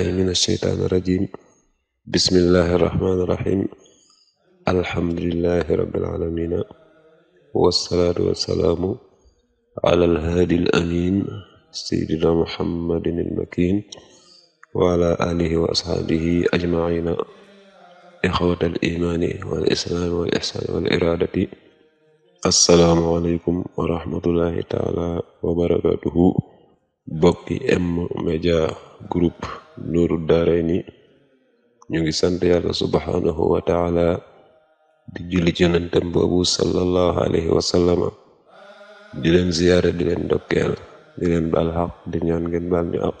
billahi min asheytaan irajim bismillahi irrahmani irrahim alhamdulilahi rabbil alamina wassalaatu wassalaamu ala alhaadi al amin seydina muhammadin almakin wa ala alihi wa ashaabihi ajmaina ixwat al imaani wal islaami wal ixsaani wal iraadati assalaamu aleykum wa rahmatullahi taala wa barakatuhu bokki M Media Group nuuru daarayni ñu ngi sant yàlla subhaanahu wa taala di julli ci yonentam boobu sallallahu alayhi wa di leen ziyaare di leen ndokkeel di leen baal xaq di ñaan ngeen baal ñu àq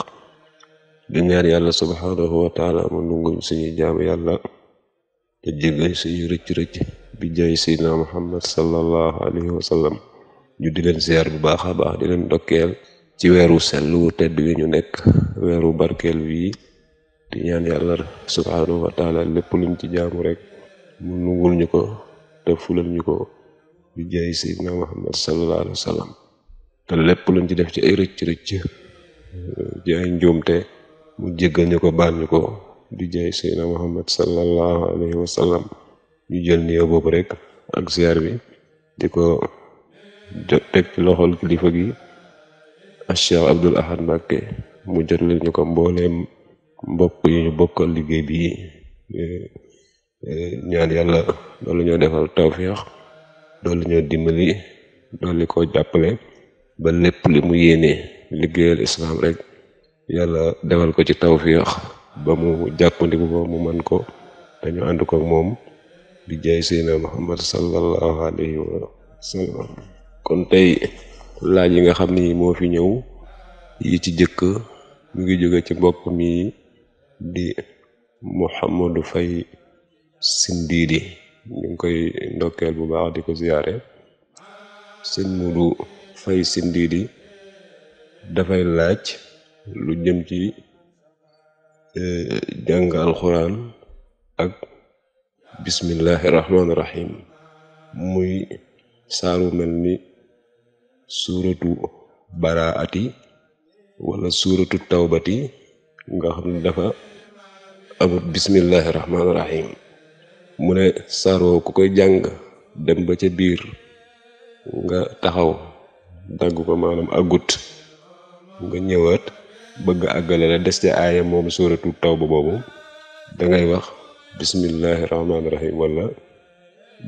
di ñaan yàlla subhaanahu wa taala mu nunguñ suñu jaamu yàlla te jéggal suñu rëcc-rëcc bi jaay sayyidina muhammad sallallahu alayhi wa ñu di leen ziyaar bu baax a baax di leen ndokkeel ci weeru sell wu tedd wi ñu nekk weeru barkeel wi di ñaan yàlla subhanahu wa lépp luñ ci jaamu rek mu nungul ñu ko te fulal ñu ko bi jaay sayyidina muhammad sallallahu alayhi wa lépp luñ ci def ci ay rëcc rëcc ci ay njuumte mu jéggal ñu ko baal ñu ko bi jaay sayyidina muhammad sallallahu alayhi wa ñu jël niyoo boobu rek ak ziar bi di teg ci loxol kilifa gi Cheikh Abdoul Ahad Mbacké mu jotal ñu ko mbooleem mbokk yi ñu bokkal liggéey bi eh, eh, ñaan yàlla loolu ñoo defal tawféex loolu ñoo dimbali loolu ko jàppale ba lépp li mu yéene liggéeyal islam rek yàlla defal ko ci tawféex ba mu jàppandiku ko mu man ko dañu ànd ko moom bi jaay Seydina Muhammad sallallahu alayhi wa sallam kon tey laaj yi nga xam ni moo fi ñëw yi ci jëkk mu ngi jóge ci mbokk mi di Mouhamadou fay Sindiidi ñu ngi koy ndokkeel bu baax di ko ziyaare sëñ Mudu Faye Sindiidi dafay laaj lu jëm ci e, jàng alxuraan ak bismillahi rahmaani muy saaru mel ni suuratu baraati wala suuratu tawbati nga xam ne dafa amut bismillahi mu ne saar ku koy jàng dem ba ca biir nga taxaw dagg ko maanaam agut nga ñëwaat bëgg àggale des ca aaya moom suuratu tawba boobu dangay wax bismillahi rahmaani rahim wala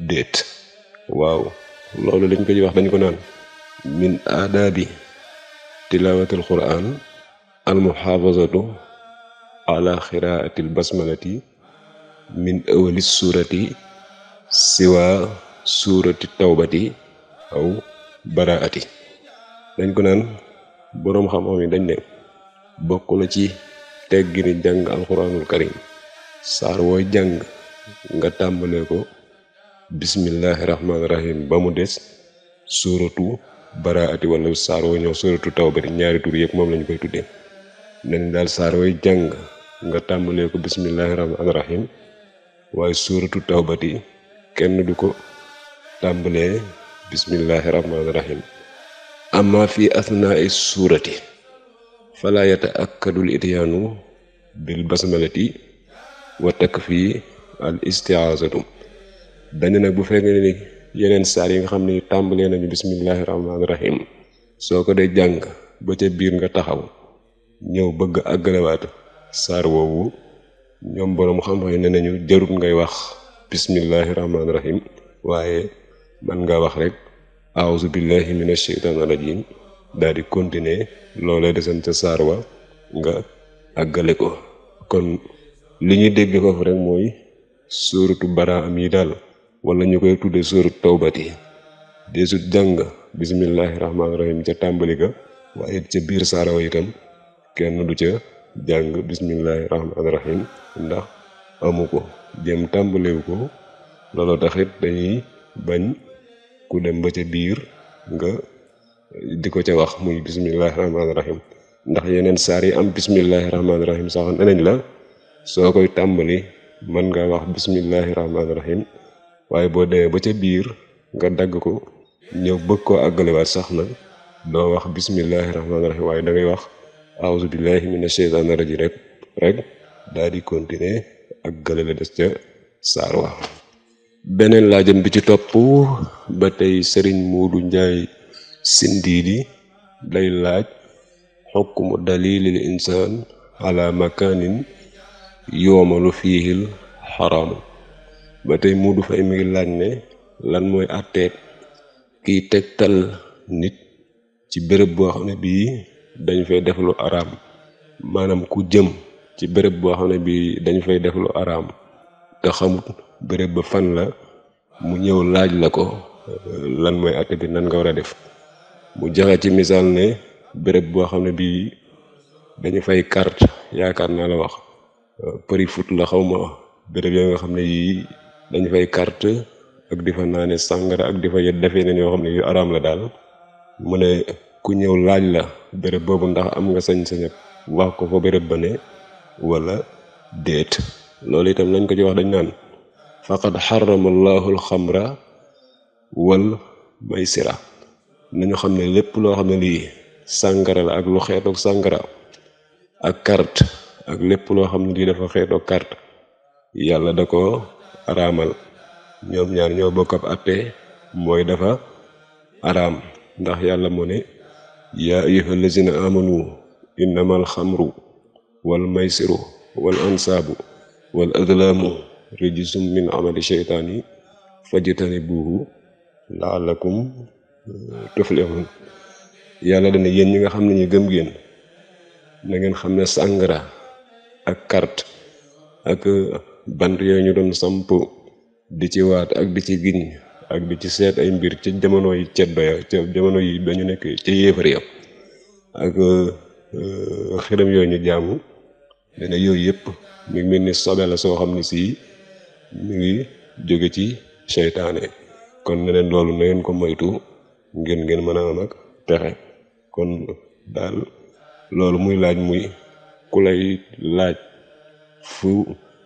déet waaw loolu lañ koy wax dañ ko naan min aadaabi tilaawatil quraan almuxaafazatu ala xiraatil min awali suurati siwa suurati tawbati aw baraati dañ ko naan boroom xam-xam yi dañ ne bokk na ci teggini jàng alxuraanul karim saar wooy jàng nga tàmbalee ko bismillaahi ba mu des suuratu baraati wala saar woo ñëw suratu tawbati ñaari tur yëpp moom lañu koy tuddee nañ daal saar way jàng nga tàmbalee ko bismillahi rahmaani rahim waaye suratu tawbati kenn du ko tàmbalee bismillahi rahmaani rahim amma fi asnaai suurati falaa yataakkadul ityaanu bil basmalati wa takfi al istiaazatu dañu nag bu fekkee ni yeneen saar yi nga xam ne tàmbalee nañu bismillahi rahmaani rahim soo ko dee jàng ba ca biir nga taxaw ñëw bëgg àggalewaat saar woowu ñoom boroom xam-xam ne nañu jarut ngay wax bismillahi rahmaani rahim waaye man nga wax rek aawzu billahi mina sheytaani rajim daal di continuer loolee desam ca saar wa nga àggale ko kon li ñu dégg foofu rek mooy suuratu baraa am yi daal walla ñu koy tudde sóorat tawbati deesu jàng bisimillahi rahmaani rahim ca tàmbali ga waaye ca biir saarawa itam kenn du ca jàng bisimillahi rahmaani rahim ndax amu ko jëm tàmbaliwu ko looloo taxit dañuy bañ ku dem ba ca biir nga di ko ca wax muy bisimillahi rahmaani rahim ndax yeneen saar yi am bisimillahi rahmaani rahim sax nenañ la soo koy tàmbali mën nga wax bisimillahi rahmaani rahim waaye boo demee ba ca biir nga dagg ko ñëw bëgg koo àggalewaat sax na doo wax bismillahi rahmaani rahim waaye da wax auzu billahi mina sheytaani rajiim rek rek di continuer ak gële la des ca saar wa beneen laajam bi ci topp ba tey sëriñ Muudu Njaay Sindiidi day laaj xukmu dalilil insaan ala makaanin yoomalu fiihil xaraamu ba tey Modou Faye mi ngi laaj ne lan mooy àtteeb kiy tegtal nit ci béréb boo xam ne bii dañ fay def lu araam maanaam ku jëm ci béréb boo xam ne bii dañ fay def lu araam te xamut béréb ba fan la mu ñëw laaj la ko lan mooy àtte bi nan nga war a def mu joxe ci misaal ne béréb boo xam ne bii dañu fay kart yaakaar naa la wax përi foot la xaw ma béréb nga xam ne yii dañ fay carte ak di fa naane sàngara ak di fa def yeneen yoo xam ne yu araam la daal mu ne ku ñëw laaj la béréb boobu ndax am nga sañ-sañ wax ko fa béréb ba ne wala déet loolu itam lañ ko ci wax dañ naan faqad xarama xamra alxamra wal maysira nañu xam ne lépp loo xam ne lii sàngara la ak lu xeetoog sàngara ak carte ak lépp loo xam ne lii dafa xeetoog carte yàlla da araamal ñoom ñaar ñoo bokk ab mooy dafa araam ndax yàlla mu ne yaa ayyuha allazina amanu innama alxamru wal maysiru wal ansaabu wal adlaamu rijsum min amali sheytaani fajtanibuuhu laalakum tuflihun yàlla dana yéen ñi nga xam ne ñu gëm xam ne sàngara ak carte bant yooyu ñu doon samp di ci waat ak di ci giñ ak di ci seet ay mbir ci jamono yi ceddo ya jamono yi ba nekk ci yéefar ya ak euh, xiram yooyu ñu jaamu dana yooyu yëpp mu ngi mel ni sobe la soo xam ne sii mi ngi jóge ci seytaane kon ne leen loolu na ngeen ko moytu ngeen ngeen mën a am ak pexe kon daal loolu muy laaj muy ku laaj fu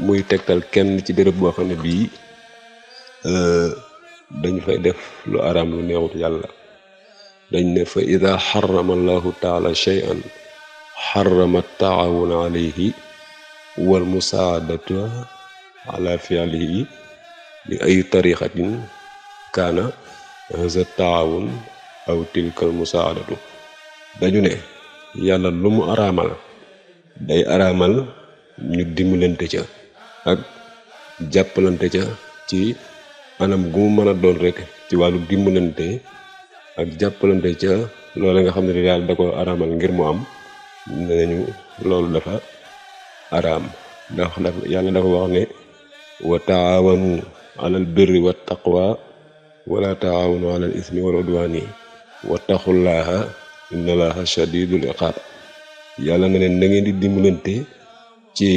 muy tegtal kenn ci béréb boo xam ne bii euh, dañu fay def lu araam lu neexut yàlla dañ ne fa ida xarama allahu taala shay'an xarama taawun alayhi wal musaadatu ala fialihi bi ay tariqatin kaana haza taawun aw tilkal musaadatu dañu ne yàlla lu mu araamal day araamal ñu dimbalante ca ak jàppalante ca ci anam gu mu mën a doon rek ci wàllu dimbalante ak jàppalante ca loole nga xam ne yàlla da ko araamal ngir mu am ne nañu loolu dafa araam ndax yàlla dafa wax ne wa taawanu alal birri wa taqwa wala taawanu alal ismi wal udwani wattaqullaaha inna laaha shadidul iqaab yàlla na ne na di dimbalante ci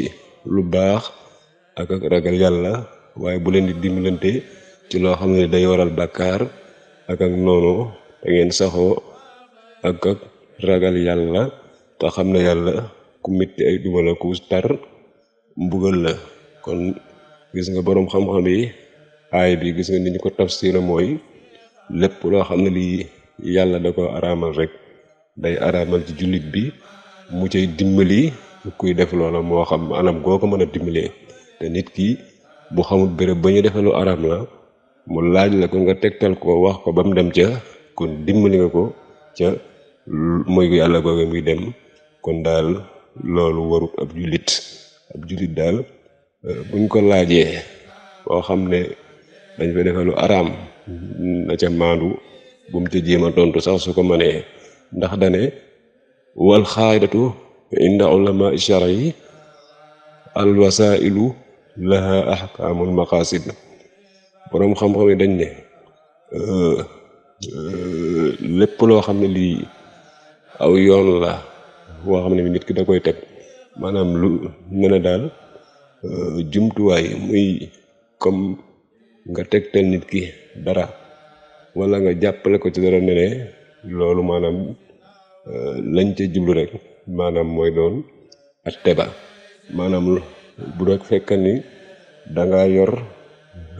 lu baax ak ak ragal yàlla waaye bu leen di dimbilante ci loo xam ne day waral bàkkaar ak ak noonu da ngeen saxoo ak ak ragal yàlla te xam na yàlla ku metti ay duma la ku tar mbugal la kon gis nga boroom xam-xam yi aay bi gis nga ni ñu ko tafsira mooy lépp loo xam ne lii yàlla da ko araamal rek day araamal ci jullit bi mu cay dimbali kuy def loola moo xam anam goo ko mën a dimbalee te nit ki bu xamul béréb ba ñu defalu lu araam la mu laaj la ko nga tegtal koo wax ko ba mu dem ca kon dimbali nga ko ca mooy yàlla googu muy dem kon daal loolu warut ab jullit ab jullit daal euh, buñ ko laajee boo xam ne dañ fa defee lu araam na ca maandu bu mu ca jéem a tontu sax su ko mënee ndax dane wal xaaidatu inda ulama shari al wasailu laha ahkaamul maqasid boroom xam-xam yi dañ ne euh, euh, lépp loo xam ne lii aw yoon la boo xam ne bi nit ki da koy teg maanaam lu ne na daal euh, jumtuwaay muy comme nga tegtal nit ki dara wala nga jàppale ko ci dara ne ne loolu maanaam lañ ca jublu rek maanaam mooy doon ak teba maanaam bu doon fekk ni danga yor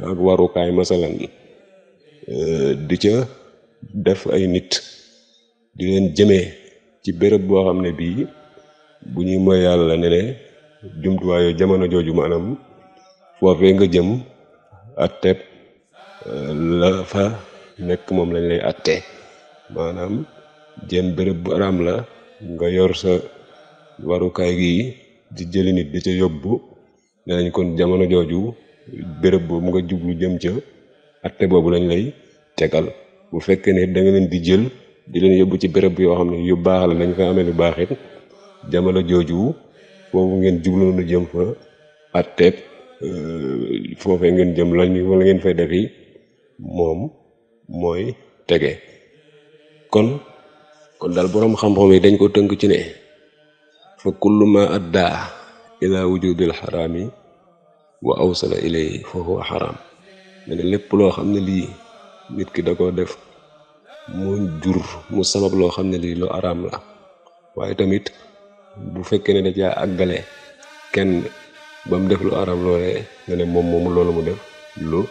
ak warukaay masalan euh, di ca def ay nit di leen jëme ci bërëb boo xam ne bii bu ñuy moy yàlla ne ne jumtuwaayu jamono jooju maanaam foofee nga jëm atteeb euh, la fa nekk moom lañ lay attee maanaam jëm béréb bu araam la nga yor sa warukaay gi ci jëli nit di ca yóbbu nee nañ kon jamono jooju béréb boobu nga jublu jëm ca atte boobu lañ lay tegal bu fekkee ne da leen di jël di leen yóbbu ci béréb yoo xam ne yu baax la nañ fa amee lu baax it jamono jooju foofu ngeen jublu nu jëm fa atte euh, foofee ngeen jëm lañ wala ngeen fay defi moom mooy tege kon kon daal boroom xam-xam yi dañ ko tënk ci ne fa kullu ma addaa ilaa wujudil xaraami wa awsala ilayhi fa huwa ne ne lépp loo xam ne lii nit ki da ko def mu jur mu sabab loo xam ne lii lu araam la waaye tamit bu fekkee ne da caa àggale kenn ba mu def lu araam loolee ne ne moom moomu loolu mu def lu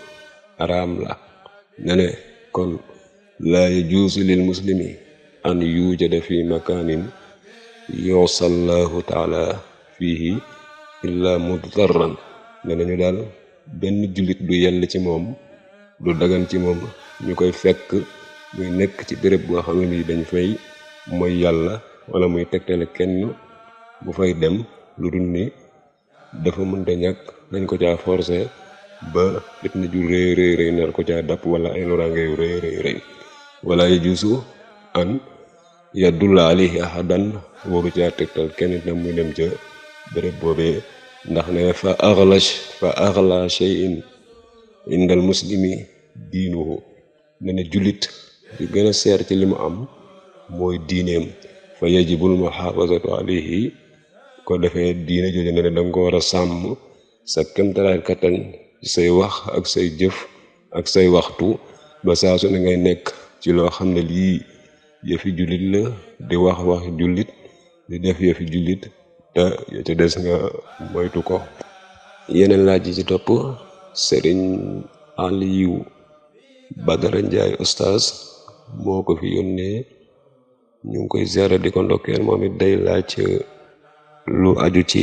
araam la ne ne kon laa yajuusu lil muslimi an yuujada fi makaanin yuusa allahu fii illa illa mudarran ne nañu daal benn jullit du yenn ci moom du dagan ci moom ñu koy fekk muy nekk ci béréb boo xam ne dañ fay mooy yàlla wala muy tegtale kenn bu fay dem lu dul ni dafa mënta ñàkk dañ ko caa forcé ba fitna ju rëy rëy rëy nar ko caa dàpp wala ay loraange yu rëy rëy wala ay juusu an yaddulla alayhi ahadan waru caa tegtal kenn itam muy dem jë béréb boobee ndax ne fa axla fa axla shay'in indal muslimi diinuhu ne ne jullit di gën a seer ci li mu am mooy diineem fa yajibul muhafazatu alayhi ko defee diine jooju ne ne danga ko war a sàmm sa kemtalaay kattan ci say wax ak say jëf ak say waxtu ba saa su ne ngay nekk ci loo xam ne lii yëfi jullit la di wax waxi jullit di def yëfi jullit te ci des nga moytu ko yeneen laaj yi ci topp sëriñ Aliou Badara Ndiaye oustaz moo ko fi yónnee ñu ngi koy ziara di ko ndokkeel moom it day laaj lu aju ci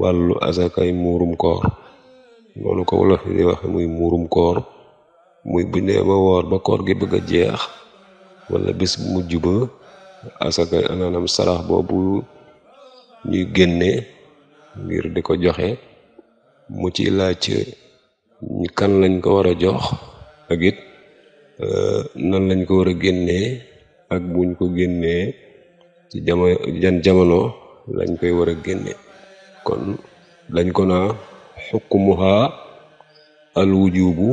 wàllu asakay muurum koor loolu ko wolof di waxe muy muurum koor muy bu nee ba woor ba koor gi bëgg a jeex wala bis bu mujj ba asaka maanaam sarax boobu ñuy génne ngir di ko joxe mu ci laaj ñu kan lañ ko war a jox ak it euh, nan lañ ko war a génnee ak buñ ko génnee ci jamono jamono lañ koy war a génne kon dañ ko naa xukmuha al wujubu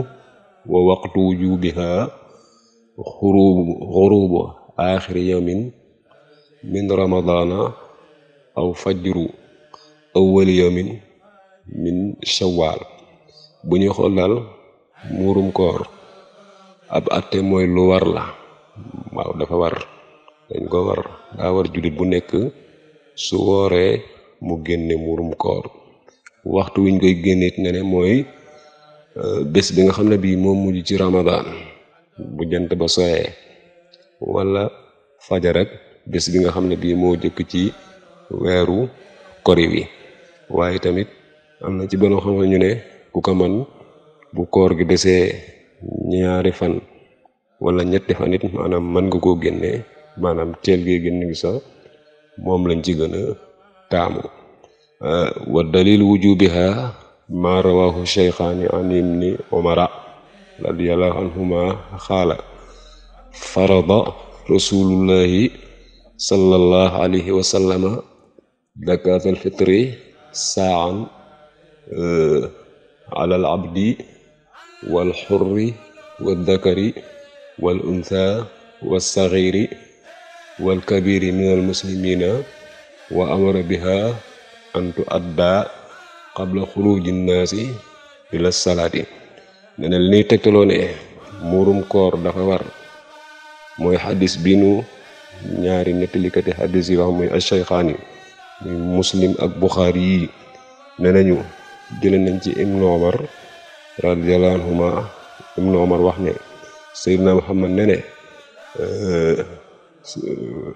wa waqtu wujubiha xurubu xurubu aaxiri yawmin ramadaana aw fajru awwali yawmin min shawaal bu ñuy xool daal koor ab àtte mooy lu war la waaw dafa war dañ ko war daa war jullit bu nekk su wooree mu génne muurum koor waxtu wi ñu koy génneet ne ne mooy euh, bés bi nga xam ne bii moom mujj ci ramadaan bu jant ba soyee walla fajar ak bés bi nga xam ne bii moo jëkk ci weeru kori wi waaye tamit am na ci borom xam ñu ne ku ko man bu koor gi desee ñaari fan wala ñetti fan it maanaam mën nga koo génne maanaam teel gee génn gi sax moom lañ ci gën a taamu wa dalil wujubiha ma rawahu cheykhaani an ibni omara radiallahu anhuma xaala farada rasulullahi sallallahu alayhi wa sallama zakatal fitri saan eh, alal abdi wal xurri wal dakari wal untha wal saxiri wal kabiri minal muslimina wa amara biha an tuadda qabla xuruji nnaasi ila salaati ne na li ñuy tegtaloo muurum koor dafa war mooy xaddis bi nu ñaari nettalikati xadis yi wax muy ash-Shaykhaani muy muslim ak buxaari yi ne nañu jële nañ ci ibnu omar radiyallahu anhuma ibnu omar wax ne seydina muhammad ne ne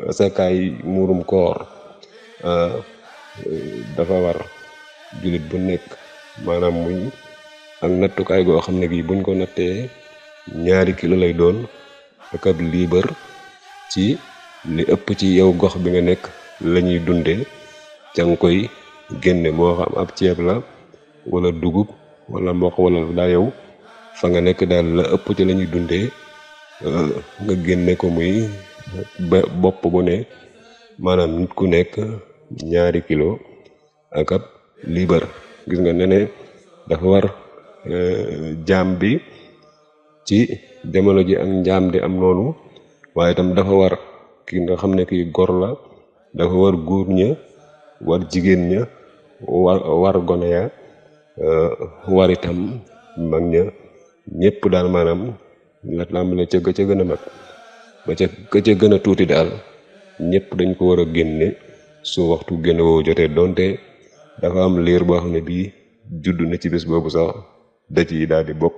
asakaay muurum koor dafa war jullit bu nekk maanaam muy ak nattukaay goo xam ne bii buñ ko nattee ñaari kilo lay doon ak ab ci li ëpp ci yow gox bi nga nekk lañuy dunde ca nga koy génne moo xam ab ceeb la wala dugub wala mboq wala daa yow fa nga nekk daal la ëpp ci lañuy dundee euh, nga génne ko muy bopp bu ne maanaam nit ku nekk ñaari kilo ak ab gis nga ne ne dafa war Euh, jaam bi ci jamono ji ak njaam di am noonu waaye tam dafa war ki nga xam ne ki gor la dafa war góor ña war jigéen ña war war gone ya euh, war mag ña ñëpp daal maanaam la làmbale ca ca gën a mag ba ca ka ca gën a tuuti daal ñépp dañ ko war a génne su waxtu génne jotee donte dafa am liir boo xam ne bii judd na ci bés boobu sax daj yi daal di bokk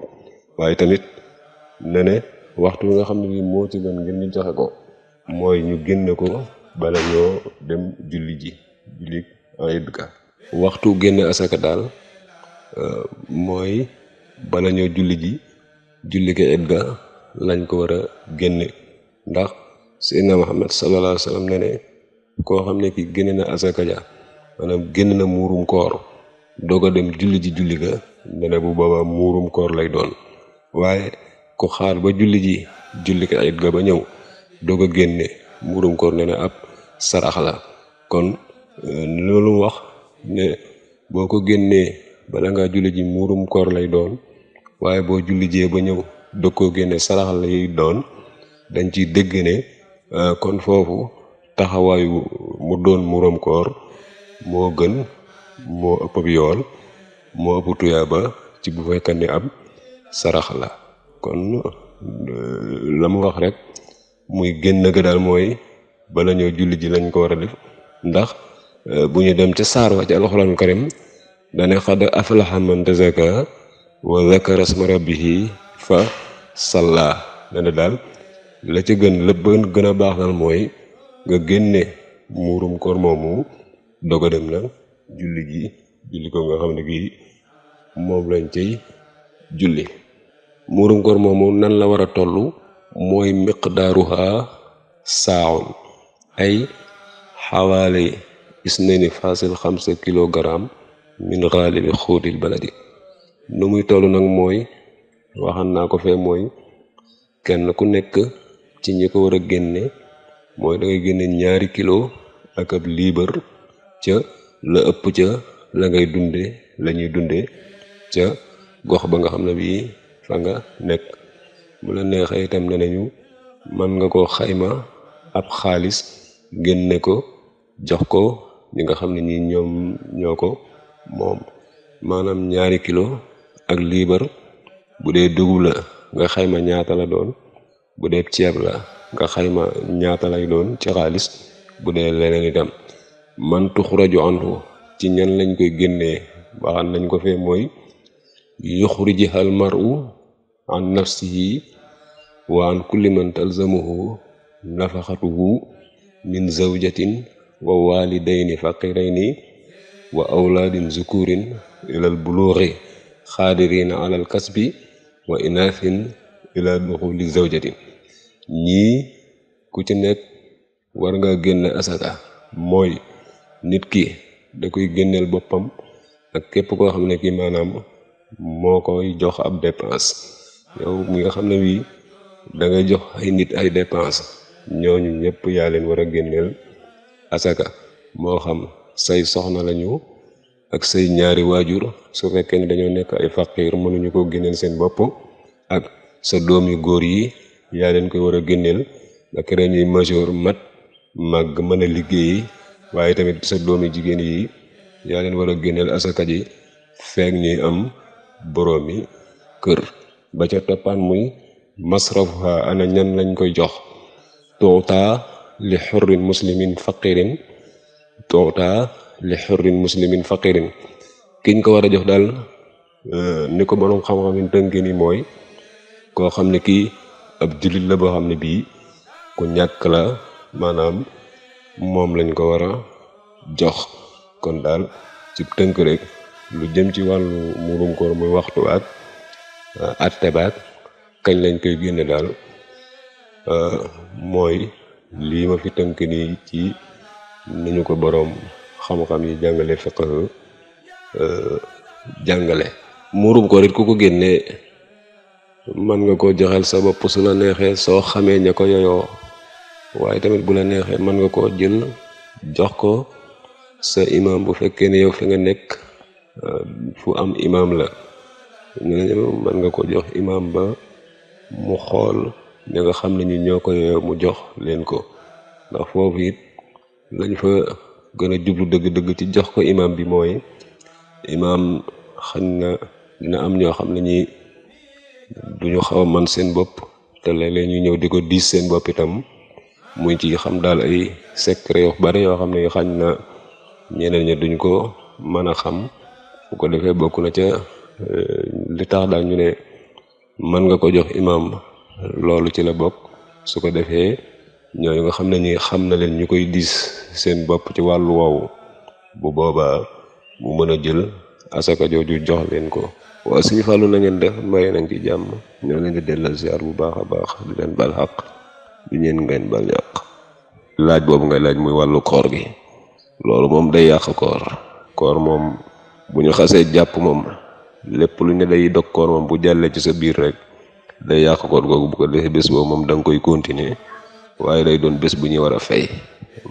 waaye tamit na ne waxtu nga xam ne nii moo ci gën ngir ñu joxe ko mooy ñu génne ko bala ñoo dem julli ji julli ka waxtu génn asaka daal euh, mooy bala ñoo julli ji julli lañ ko war génne ndax Seydina Muhammad sallallahu alayhi wa sallam ne ne koo xam ne ki génne na asaka ja maanaam génn na muurum koor doog a dem julli ji julli ga nee bu boobaa muurum koor lay doon waaye ku xaar ba julli ji julli ko ayit ga ba ñëw doog a génne muurum koor nee ab sarax la kon eh, loolu wax ne boo ko génnee bala ngaa julli ji muurum koor lay doon waaye boo julli jee ba ñëw doog koo génne sarax lay doon dañ ci dégg ne eh, kon foofu taxawaayu mu doon muurum koor moo gën moo ëpp yool moo ëpp tuyaaba ci bu fekkee ne ab sarax la kon euh, la mu wax rek muy génn ga daal mooy bala ñoo julli ji lañ ko war a def ndax euh, bu ñu dem ca saar wa ci alxuraan karim dane xad aflaxa man tazaka wa zakara sma rabbihi fa salla dane daal la ca gën lépp gën a baax daal mooy nga génne muurum koor moomu doog dem na julli ji julli ko nga xam ne bii moom lañ ciy julli muurum koor moomu nan la war a toll mooy miqdaaruha saaun ay xawaale isnayni fasil xamsa kilogramme min xaalibi xóotil baladi nu muy toll nag mooy waxan naa ko fee mooy kenn ku nekk ci ñi ko war a génne mooy dangay génne ñaari kilo ak ab liibar ca la ëpp ca la ngay dunde lañuy dunde ca gox ba nga xam ne bii fa nga nekk bu la neexee itam ne nañu mën nga ko xayma ab xaalis génne ko jox ko ñi nga xam ne ñi ñoom ñoo ko moom maanaam ñaari kilo ak liibar bu dee dugub la nga xayma ñaata la doon bu dee ceeb la nga xayma ñaata lay doon ci xaalis bu dee leneen itam man tuxuraju anhu ci ñan lañ koy génnee baaxal nañ ko fee mooy yuxrijiha almaru an nafsihi wa an kulli man talzamuhu nafaxatuhu min zawjatin wa walidayni faqirayni wa awlaadin zukurin ilal buluuxi xaadirina alal kasbi wa inaathin ila duxuli zawjatin ñii ku ci nekk warnga nga asaka mooy nit ki da koy génneel boppam ak képp ko xam ne ki maanaam moo koy jox ab dépense yow mi nga xam ne wii da ngay jox ay nit ay dépense ñooñu ñépp yaa leen war a génneel asaka moo xam say soxna lañu ak say ñaari waajur su fekkee ne dañoo nekk ay faqiir mënuñu koo génneel seen bopp ak sa doom yu góor yi yaa leen koy war a génneel ba kere ñuy majeur mat màgg mën a liggéeyi waaye tamit sa doom yu jigéen yi yaa leen war a génneel asaka ji feek ñuy am boroomi kër ba ca toppaan muy masrafuha ana ñan lañ koy jox tuuta li xurrin muslimin faqirin tuuta li xurrin muslimin faqirin kiñ ko war a jox daal euh, ni ko borom xam-xam yi tënke ni mooy koo xam ne kii ab jullit la boo xam ne bii ku ñàkk la maanaam moom lañ ko war a jox kon daal ci tënk rek lu jëm ci wàllu murum koor muy waxtu ak uh, atte baak kañ lañ koy génne daal uh, mooy lii ma fi tënk nii ci nañu ko boroom xam-xam yi jàngale fiqh uh, jàngale muurum koor it ku ko génnee mën nga ko joxeel sa bopp su la neexee soo xamee ña ko yoyoo waaye tamit bu la neexee mën nga koo jël jox ko sa imam bu fekkee ne yow fi nga nekk fu am imaam la man nga ko jox imaam ba mu xool ña nga xam ne ñu ñoo ko mu jox leen ko ndax foofu it lañ fa gën a jublu dëgg-dëgg ci jox ko imaam bi mooy imaam xañ na dina am ñoo xam ne ñi duñu xaw a man seen bopp te léeg-léeg ñëw di ko diis seen bopp itam muy ci xam daal ay secret yu bare yoo xam ne xañ na ñeneen ña duñ ko mën a xam bu ko defee bokk na ca euh, li tax daal ñu ne mën nga ko jox imaam loolu ci la bokk su ko defee ñoo ñooñu nga xam ne ñi xam na leen ñu koy diis seen bopp ci wàllu woowu bu boobaa mu mën a jël asaka jooju jox leen ko waaw suñu fàllu na ngeen def mbay nañ ci jàmm ñoo leen di dellal ziar bu baax a baax di leen bal xaq di ñeen ngeen yàq laaj boobu ngay laaj muy wàllu koor gi loolu moom day yàq koor koor moom bu ñu xasee jàpp moom lépp lu ñu lay dog moom bu jàllee ci sa biir rek day yàq koor googu bu ko defee bés boobu moom danga koy continuer waaye day doon bés bu ñuy war a fay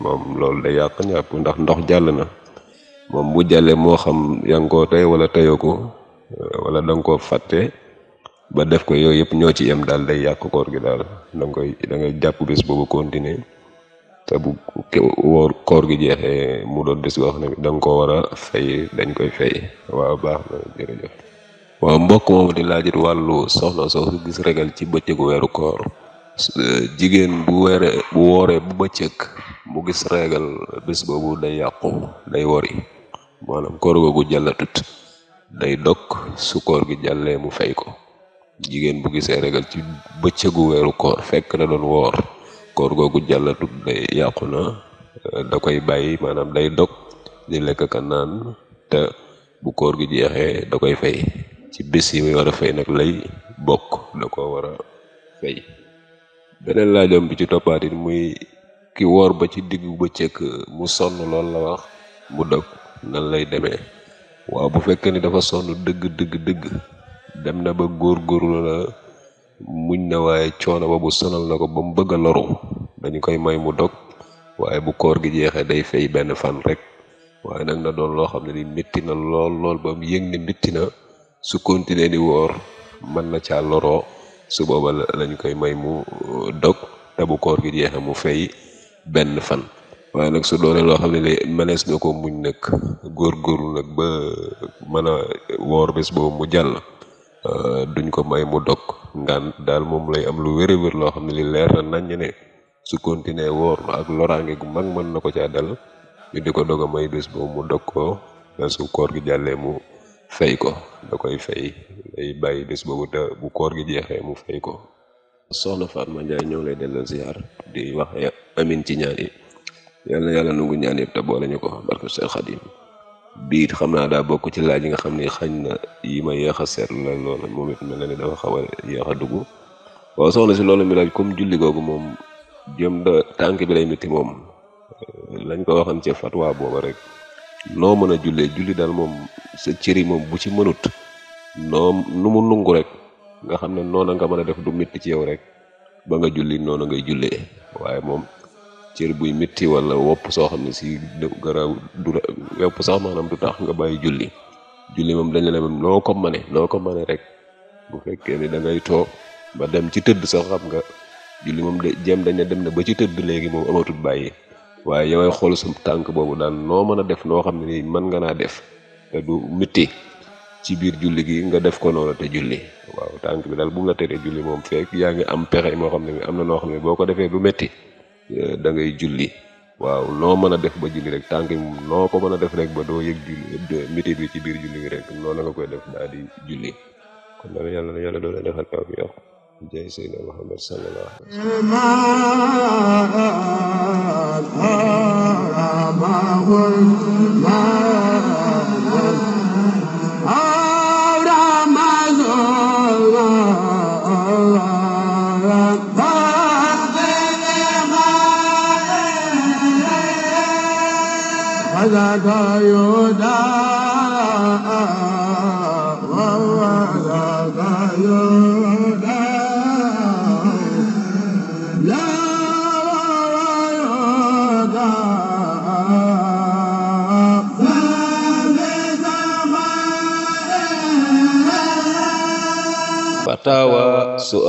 moom loolu day yàq njàpp ndax ndox jàll na moom bu jàllee moo xam yaa ngi tey wala teyoo ko wala da koo fàtte ba def ko yooyu yëpp ñoo ci yem daal day yàq koor gi daal da koy da ngay jàpp bés boobu continuer te bu woor koor gi jeexee mu doon des boo xam ne bi koo war a fay dañ koy fay waaw baax na jërëjëf waaw mbokk moomu di laajit wàllu soxna soosu gis regal ci bëccëgu weeru koor euh, jigéen bu weere bu wooree mu gis regal boobu day yàqu day wori maanaam koor googu jàllatut dog su gi jàllee mu fay ko jigéen bu gisee regal ci bëccëgu weeru koor fekk na doon woor koor googu jàllatul day yàqu na da koy bàyyi maanaam day dog di lekk ka naan te bu koor gi jeexee da koy fay ci bis yi muy war a fay nag lay bokk da ko war a fay beneen laajam bi ci toppaatit muy ki woor ba ci diggu bëccëg mu sonn lool la wax mu dog nan lay demee waaw bu fekkee ni dafa sonn dëgg dëgg dëgg dem na ba góor góorlu la muñ na waaye coono ba bu sonal na ko ba mu bëgg a loru dañu koy may mu dog waaye bu koor gi jeexee day fay benn fan rek waaye nag na doon loo xam ne ni métti na lool lool ba mu yëg ne na su continuer di woor mën na caa loroo su booba lañu koy may mu uh, dog koor gi jeexee mu fay benn fan waaye nag su doonee loo xam ne li mënees na ko muñ nag góorgóorlu nag ba mën a woor bés boobu mu jàll Euh, duñ ko may mu dog ngànt daal moom lay am lu wéra wér loo xam ne li leer na nañ ne su continuer woor ak loraange gu mag mën na ko caa dal ñu di ko dog a may bés boobu mu dog ko su koor gi jàllee mu fay ko da koy fay day bàyyi bés boobu te bu koor gi jeexee mu fay ko soxna Fatma Ndiaye ñoo ngi lay de delloo ziar di wax amin ci ñaan yi yàlla yàlla nangu ñaan yëpp te boole ñu ko barke Seex Xadim biit xam naa daa bokk ci laaj yi nga xam ni xañ na yi ma yéex a seetlu la loolu moom it mel na ni dafa xaw a yéex a dugg waaw soxna si loolu mi laaj comme julli googu moom jëm tànk bi lay métti moom euh, lañ ko waxan ci fatwa booba rek noo mën a jullee julli daal moom sa cëri moom bu ci mënut noo nu mu nungu rek nga xam ne noona nga mën a def du métti ci yow rek ba nga julli noona ngay jullee waaye moom cër buy métti wala wopp soo xam ne si garaaw du wopp sax maanaam du tax nga bàyyi julli julli moom dañ la moom loo ko mane loo ko mane rek bu fekkee da ngay too ba dem ci tëdd sax xam nga julli moom de jéem dañ ne dem na ba ci tëdd léegi moom amatul bàyyi waaye yoway xool su tànk boobu daal noo mën a def noo xam ne nii mën nga naa def te du ci biir julli gi nga def ko noonu te julli waaw tànk bi daal bu mu la teree julli moom fekk yaa ngi am pexe moo xam ne am na noo xam ne boo ko defee du métti da ngay julli waaw noo mën a def ba julli rek tànk noo ko mën a def rek ba doo yëg julli métit bi ci biir julli gi rek noonu nga koy def daal di julli kon loolu yàlla na yàlla doole defal taw bi yokk jay Seydina Muhammad sallallahu alayhi wa sallam ذاك يودا وهو ذاك يودا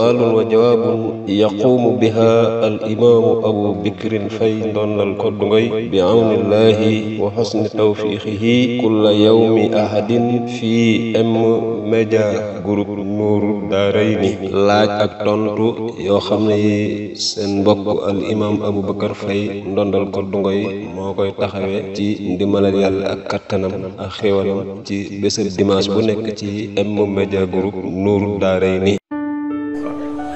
suaalun wa jawaabun yaquumu biha al imaamu abu bikrin fay ndondal koddu bi awnillahi wa xosni tawfiixihi kulla fii M Media Group Nour Daarayni laaj ak tontu yoo xam ne seen mbokk al imaam abu bakar fay ndondal koddu ngoy moo koy taxawee ci ndimbalal yàlla ak kattanam ak xéwalam ci bésëb dimanche bu nekk ci M Media Group Nour Daarayni